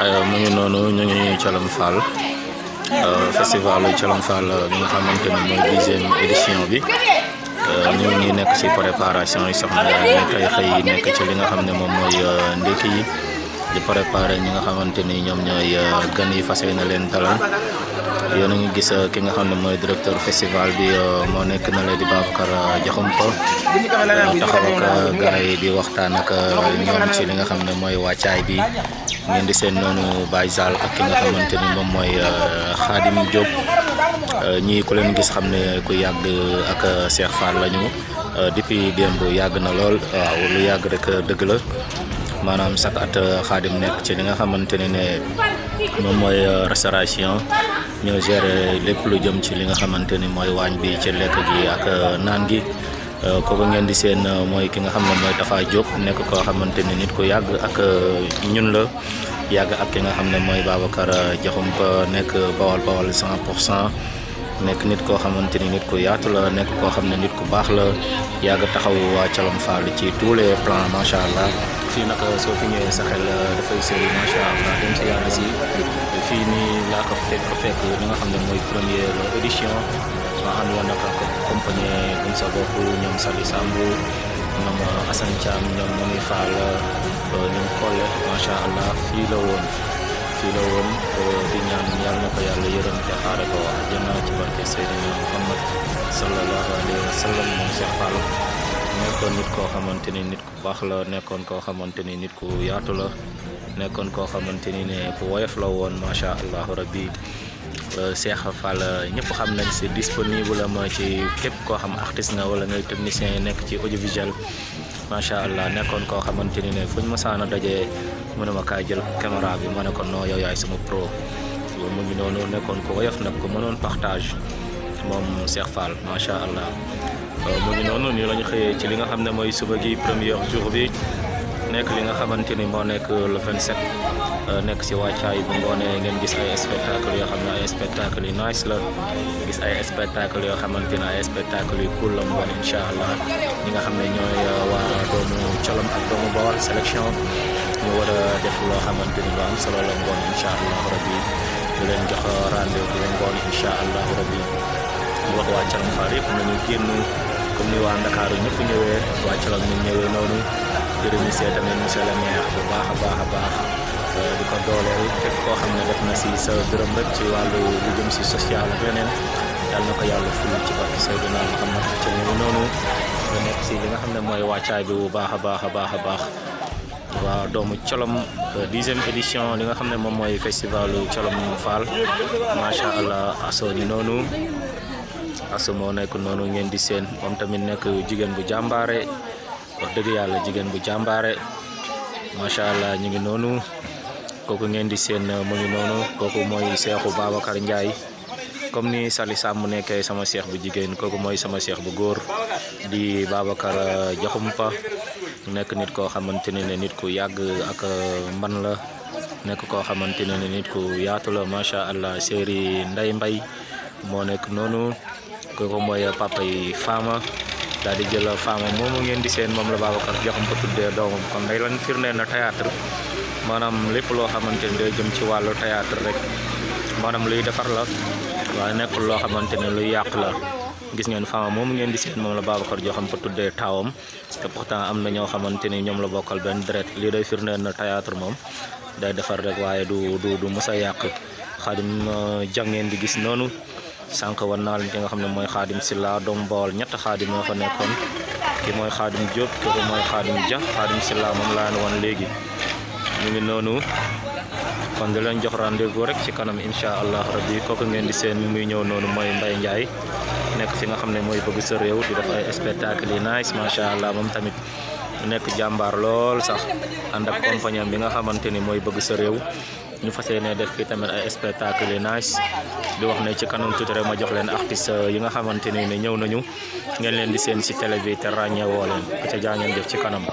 aywa euh, mu ngi noonu ñu ngi Thiolome Fall euh, festival Thiolome Fall bi nga xamante ne mooy dixième édition bi euh, ñu ngi nekk ci préparation yi soxna yaa ngi xëy nekk ci li nga xam ne moom mooy ndékki Iya, eh. iya, di pare eh, eh, ñi nga xamanteni ñom ñoy ñooy gan yi fas na leen dalal yéen a ngi gis ki nga xamne moy directeur festival bi mo nekk na la di Babacar Diakhoumpa taxaw ak gaay di waxtaan ak ñom ci li nga xamne moy mooy bi ngeen di seen nonu Baye Zal ak ki nga xamanteni mom moy Khadim job ñi ku leen gis xamne ku yàgg ak Cheikh Fall lañu depuis dembu yàgg na lol lu yàgg rek deug la maanaam chaque at xaadim euh, nekk ci li nga xamante ne ne moom mooy euh, restauration ñoo gérer lépp lu jëm ci li nga xamante ni mooy waañ bi ci lekk gi ak euh, naan gi kooku ngeen di seen mooy ki nga xam ne mooy Tafa jóg nekk koo xamante ni nit ku yàgg ak ñun la yàgg ak ki nga xam ne mooy Babacar ko nekk bawal bawal cent pour cent nekk nit koo xamante ni nit ku yaatu la nekk koo xam ne nit ku baax la yàgg taxaw waa Calom Fall ci tous les plans macha allah fii nag euh, soo fi ñëwee sa xel euh, dafay sori si fii nii laa ko fekk fekk li nga xam ne mooy premier édition ma àndoon ak compagnie Gëm Sa Bopp ñoom Sali Sambu ñoom euh, Assane Thiam ñoom Mami Fall ñoom Kole macha allah fii la woon. fii la woon eh, di ñaan yàlla na ko yàlla yërëm te xaare ko àjjana ci barke Seydina Muhammad sallallahu alayhi wa sallam moom nekkoon nit koo xamante ni nit ku baax la nekkoon koo xamante ni nit ku yaatu la nekkoon koo xamante ni ne ku woyof macha allahu rabbi eh, Cheikh Fall ñëpp xam nañ si disponible am ci koo xam artiste nga wala ngay technicien nekk ci audiovisuel macha allah nekkoon koo xamante ni ne fuñ mësaan a mu ne ma kaay jël caméra bi ma ne ko non yow yaay suma pro mu ngi noonu nekkoon ko woyof nag ko mënoon partage moom Cheikh Fall macha allah mu ngi noonu nii la xëyee ci li nga xam ne mooy suba gi premier jour bi nekk li nga xamante ni moo nekk la le 27 euh, nekk si wàccaay bu ngoonee ngeen gis ay spectacle yoo xam ne ay spectacle yu nice la gis ay spectacle yoo xamante ne ay spectacle yu la mu bon incha allah li nga xam ne ñooy euh, waa doomu colom ak doomu bawal sélection ñu war def loo xamante ni lu am solo la ngoon incha allahu rabi di leen jox rendez-vous bu ngoon incha allahu rabi di wax waa Calom Fall yëpp nañu génn comme ni waa Ndakaaru ñëpp ñëwee waa Calom ñu ñëwee noonu di remercier tamit monsieur le bu baax a baax a baax euh, di ko dooleel képp koo xam ne def na si sa dërëm rek ci wàllu lu jëm si social ak yeneen yàlla ko yàlla ful ci barke Seydina Muhammad ci ñu noonu nga nekk si li nga xam ne mooy wàccaay bi bu baax a baax a baax a baax waaw doomu colom euh, dixième édition li nga xam ne moom mooy festivalu colom Fall macha allah aso ñu noonu aso moo nekk noonu ngeen di seen moom tamit nekk jigéen bu jàmbaare wax dëgg yàlla jigéen bu jàmbaare macha allah ñu ngi noonu kooku ngeen di seen euh, mu ngi noonu kooku mooy Seexu Babacar Ndiaye. comme ni Sali sam nekké sama cheikh bu jigéen kooku moy sama cheikh bu gor di Babacar Diakhoumpa eh, nek nit ko xamanteni ne nit ku yag ak man la nek ko xamanteni ne nit ku yaatu la sha allah seri nday mbay moo nonu. noonu kooku moy eh, papa yi Fama daal di jël Fama moomu ngeen di seen mom la Babacar Diakhoumpa tuddé domam kon day lan firné na théâtre manam lepp lo xamanteni day jëm ci walu théâtre rek manam luy defar la wa nekkul lo xamanteni luy yak la gis ngeen fama mom ngeen di seen mom la jo xam ko tudde tawam te pourtant am na ño xamanteni ñom la bokal ben dret li day firne na théâtre mom day defar rek waye du du du mës yak yàq eh, jangeen di gis nonu sank wan naa leen ki nga xamne moy mooy Silla dom bol ñet xaadim mo fa nekkon ki moy xaadim Diop kooku moy xaadim Dia xaadim Silla mom laa won legi ñu ngi nonu kon di leen jox rendez-vous rek kanam allah rabbi ko ngeen di seen muy ñëw noonu mooy Mbaye Ndiaye nekk fi nga xam ne mooy bëgg sa di def ay spectacle ma sha allah mom tamit jambar jàmbaar lool sax ànd ak compagnie bi nga xamante ni mooy bëgg sa réew ñu fas def fi tamit ay spectacle yi nice di wax ne ci kanam tuuti rek ma jox len artiste yi nga ne nañu ngeen len di seen ci wolen def ci